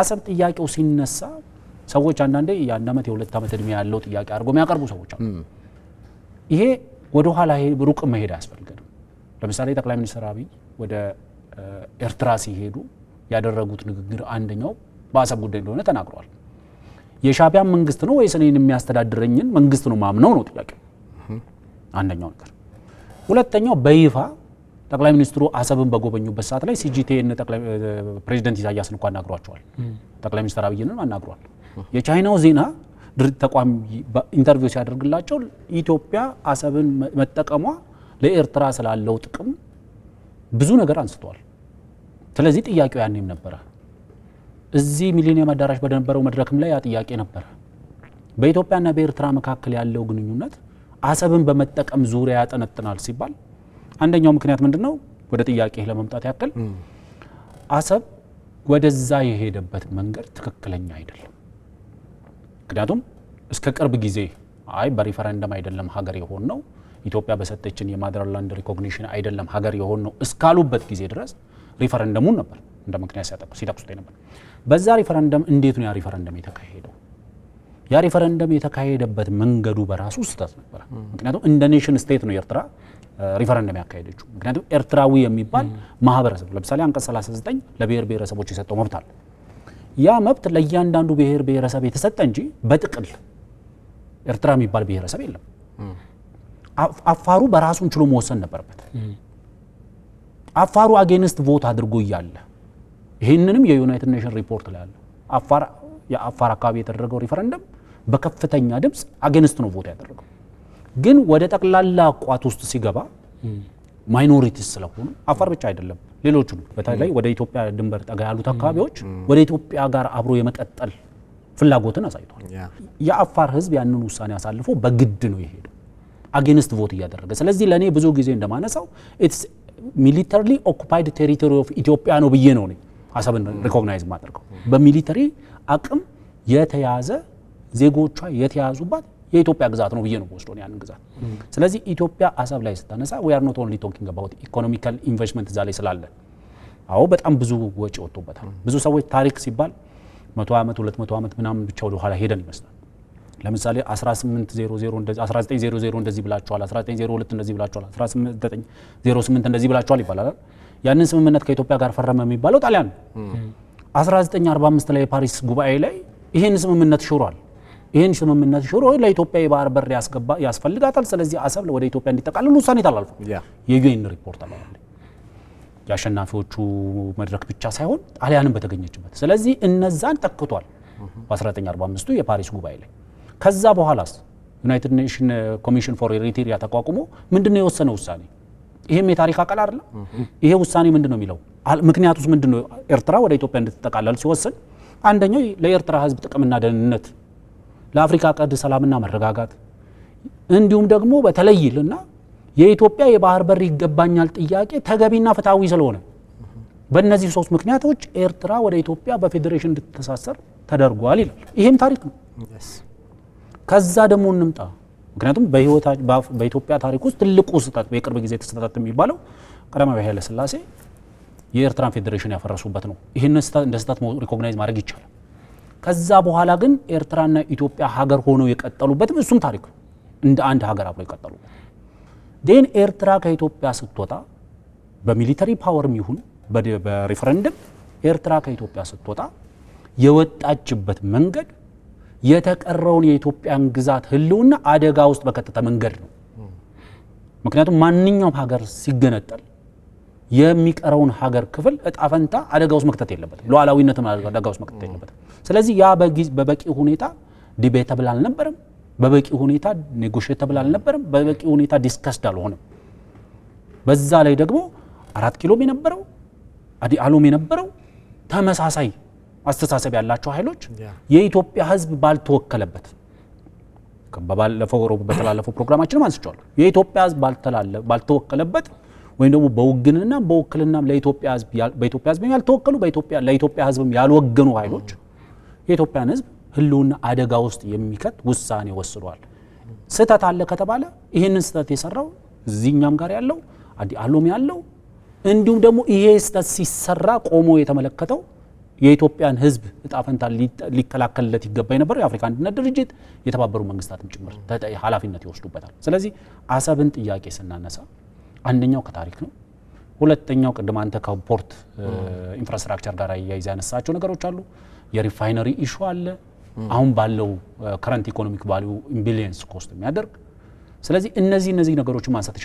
አሰብ ጥያቄው ሲነሳ ሰዎች አንዳንዴ የአንድ ዓመት የሁለት ዓመት እድሜ ያለው ጥያቄ አድርጎ የሚያቀርቡ ሰዎች አሉ። ይሄ ወደ ኋላ ሩቅ መሄድ አያስፈልገንም። ለምሳሌ ጠቅላይ ሚኒስትር አብይ ወደ ኤርትራ ሲሄዱ ያደረጉት ንግግር አንደኛው በአሰብ ጉዳይ እንደሆነ ተናግረዋል። የሻቢያን መንግስት ነው ወይስ እኔን የሚያስተዳድረኝን መንግስት ነው ማምነው ነው ጥያቄ አንደኛው ነገር። ሁለተኛው በይፋ ጠቅላይ ሚኒስትሩ አሰብን በጎበኙበት ሰዓት ላይ ሲጂቴን ፕሬዚደንት ኢሳያስን እንኳ አናግሯቸዋል። ጠቅላይ ሚኒስትር አብይንም አናግሯል። የቻይናው ዜና ድርጅት ተቋም ኢንተርቪው ሲያደርግላቸው ኢትዮጵያ አሰብን መጠቀሟ ለኤርትራ ስላለው ጥቅም ብዙ ነገር አንስተዋል። ስለዚህ ጥያቄው ያኔም ነበረ። እዚህ ሚሊኒየም አዳራሽ በነበረው መድረክም ላይ ያ ጥያቄ ነበረ። በኢትዮጵያና በኤርትራ መካከል ያለው ግንኙነት አሰብን በመጠቀም ዙሪያ ያጠነጥናል ሲባል አንደኛው ምክንያት ምንድን ነው? ወደ ጥያቄ ለመምጣት ያክል አሰብ ወደዛ የሄደበት መንገድ ትክክለኛ አይደለም። ምክንያቱም እስከ ቅርብ ጊዜ አይ በሪፈረንደም አይደለም ሀገር የሆን ነው ኢትዮጵያ በሰጠችን የማደርላንድ ሪኮግኒሽን አይደለም ሀገር የሆን ነው እስካሉበት ጊዜ ድረስ ሪፈረንደሙን ነበር እንደ ምክንያት ሲጠቅሱት ነበር። በዛ ሪፈረንደም እንዴት ነው ያ ሪፈረንደም የተካሄደው? ያ ሪፈረንደም የተካሄደበት መንገዱ በራሱ ስህተት ነበረ። ምክንያቱም እንደ ኔሽን ስቴት ነው ኤርትራ ሪፈረንደም ያካሄደችው። ምክንያቱም ኤርትራዊ የሚባል ማህበረሰብ ለምሳሌ አንቀጽ 39 ለብሔር ብሔረሰቦች የሰጠው መብት አለ። ያ መብት ለእያንዳንዱ ብሔር ብሔረሰብ የተሰጠ እንጂ በጥቅል ኤርትራ የሚባል ብሔረሰብ የለም። አፋሩ በራሱን ችሎ መወሰን ነበረበት። አፋሩ አጌንስት ቮት አድርጎ እያለ ይህንንም የዩናይትድ ኔሽን ሪፖርት ላይ አለ። አፋር የአፋር አካባቢ የተደረገው ሪፈረንደም በከፍተኛ ድምፅ አጌንስት ነው ቮት ያደረገው። ግን ወደ ጠቅላላ ቋት ውስጥ ሲገባ ማይኖሪቲስ ስለሆኑ አፋር ብቻ አይደለም፣ ሌሎቹ በተለይ ወደ ኢትዮጵያ ድንበር ጠጋ ያሉት አካባቢዎች ወደ ኢትዮጵያ ጋር አብሮ የመቀጠል ፍላጎትን አሳይቷል። የአፋር ህዝብ ያንን ውሳኔ አሳልፎ በግድ ነው የሄደው አጌንስት ቮት እያደረገ። ስለዚህ ለእኔ ብዙ ጊዜ እንደማነሳው ኢትስ ሚሊተሪሊ ኦኩፓይድ ቴሪቶሪ ኦፍ ኢትዮጵያ ነው ብዬ ነው እኔ ሀሳብን ሪኮግናይዝ ማድረገው በሚሊተሪ አቅም የተያዘ ዜጎቿ የተያዙባት የኢትዮጵያ ግዛት ነው ብዬ ነው ወስዶ ያንን ግዛት። ስለዚህ ኢትዮጵያ አሰብ ላይ ስታነሳ ዊ አር ኖት ኦንሊ ቶኪንግ አባውት ኢኮኖሚካል ኢንቨስትመንት እዛ ላይ ስላለ፣ አዎ በጣም ብዙ ወጪ ወጥቶበታል። ብዙ ሰዎች ታሪክ ሲባል መቶ ዓመት ሁለት ዓመት ምናምን ብቻ ወደ ኋላ ሄደን ይመስላል። ለምሳሌ 1900 እንደዚህ ብላችኋል፣ 1902 እንደዚህ ብላችኋል፣ 1908 እንደዚህ ብላችኋል ይባላል። ያንን ስምምነት ከኢትዮጵያ ጋር ፈረመ የሚባለው ጣሊያን ነው። 1945 ላይ የፓሪስ ጉባኤ ላይ ይህን ስምምነት ሽሯል። ይህን ስምምነት ሽሮ ለኢትዮጵያ የባህር በር ያስፈልጋታል። ስለዚህ አሰብ ወደ ኢትዮጵያ እንዲጠቃልል ውሳኔ ተላልፏል። የዩኤን ሪፖርት አለ የአሸናፊዎቹ መድረክ ብቻ ሳይሆን ጣሊያንም በተገኘችበት። ስለዚህ እነዛን ጠክቷል በ1945ቱ የፓሪስ ጉባኤ ላይ። ከዛ በኋላስ ዩናይትድ ኔሽን ኮሚሽን ፎር ኤሪትሪያ ተቋቁሞ ምንድን ነው የወሰነ ውሳኔ? ይሄም የታሪክ አቀል አይደለ? ይሄ ውሳኔ ምንድን ነው የሚለው ምክንያቱስ ምንድን ነው? ኤርትራ ወደ ኢትዮጵያ እንድትጠቃለል ሲወስን አንደኛው ለኤርትራ ህዝብ ጥቅምና ደህንነት ለአፍሪካ ቀንድ ሰላምና መረጋጋት እንዲሁም ደግሞ በተለይ ልና የኢትዮጵያ የባህር በር ይገባኛል ጥያቄ ተገቢና ፍትሐዊ ስለሆነ በእነዚህ ሶስት ምክንያቶች ኤርትራ ወደ ኢትዮጵያ በፌዴሬሽን እንድትተሳሰር ተደርጓል ይላል። ይሄም ታሪክ ነው። ከዛ ደግሞ እንምጣ። ምክንያቱም በኢትዮጵያ ታሪክ ውስጥ ትልቁ ስህተት በቅርብ ጊዜ ተስተታት የሚባለው ቀዳማዊ ኃይለሥላሴ የኤርትራን ፌዴሬሽን ያፈረሱበት ነው። ይህን እንደ ስህተት ሪኮግናይዝ ማድረግ ይቻላል። ከዛ በኋላ ግን ኤርትራና ኢትዮጵያ ሀገር ሆነው የቀጠሉበትም እሱም ታሪክ ነው። እንደ አንድ ሀገር አብረው የቀጠሉ ዴን ኤርትራ ከኢትዮጵያ ስትወጣ በሚሊተሪ ፓወርም ይሁን በሪፈረንደም ኤርትራ ከኢትዮጵያ ስትወጣ የወጣችበት መንገድ የተቀረውን የኢትዮጵያን ግዛት ህልውና አደጋ ውስጥ በከተተ መንገድ ነው። ምክንያቱም ማንኛውም ሀገር ሲገነጠል የሚቀረውን ሀገር ክፍል እጣ ፈንታ አደጋ ውስጥ መክተት የለበትም። ሉዓላዊነትም አደጋ ውስጥ መክተት የለበትም። ስለዚህ ያ በበቂ ሁኔታ ዲቤተብል አልነበረም። በበቂ ሁኔታ ኔጎሽተብል አልነበረም። በበቂ ሁኔታ ዲስከስድ አልሆነም። በዛ ላይ ደግሞ አራት ኪሎም የነበረው አዲ አሎም የነበረው ተመሳሳይ አስተሳሰብ ያላቸው ኃይሎች የኢትዮጵያ ሕዝብ ባልተወከለበት በባለፈው ሮብ በተላለፈው ፕሮግራማችንም አንስቸዋል የኢትዮጵያ ሕዝብ ባልተወከለበት ወይም ደግሞ በውግንና በውክልና ህዝብ በኢትዮጵያ ህዝብ ያልተወከሉ ለኢትዮጵያ ህዝብም ያልወገኑ ኃይሎች የኢትዮጵያን ህዝብ ህልውና አደጋ ውስጥ የሚከት ውሳኔ ወስዷል። ስህተት አለ ከተባለ ይህንን ስህተት የሰራው እዚህኛም ጋር ያለው አሎም ያለው እንዲሁም ደግሞ ይሄ ስህተት ሲሰራ ቆሞ የተመለከተው የኢትዮጵያን ህዝብ እጣፈንታ ሊከላከልለት ይገባ የነበረው የአፍሪካ አንድነት ድርጅት የተባበሩ መንግስታትም ጭምር ኃላፊነት ይወስዱበታል። ስለዚህ አሰብን ጥያቄ ስናነሳ አንደኛው ከታሪክ ነው። ሁለተኛው ቅድም አንተ ከፖርት ኢንፍራስትራክቸር ጋር እያይዘ ያነሳቸው ነገሮች አሉ። የሪፋይነሪ ኢሹ አለ። አሁን ባለው ከረንት ኢኮኖሚክ ቫሊዩ ኢምቢሊየንስ ኮስት የሚያደርግ ስለዚህ እነዚህ እነዚህ ነገሮች ማንሳት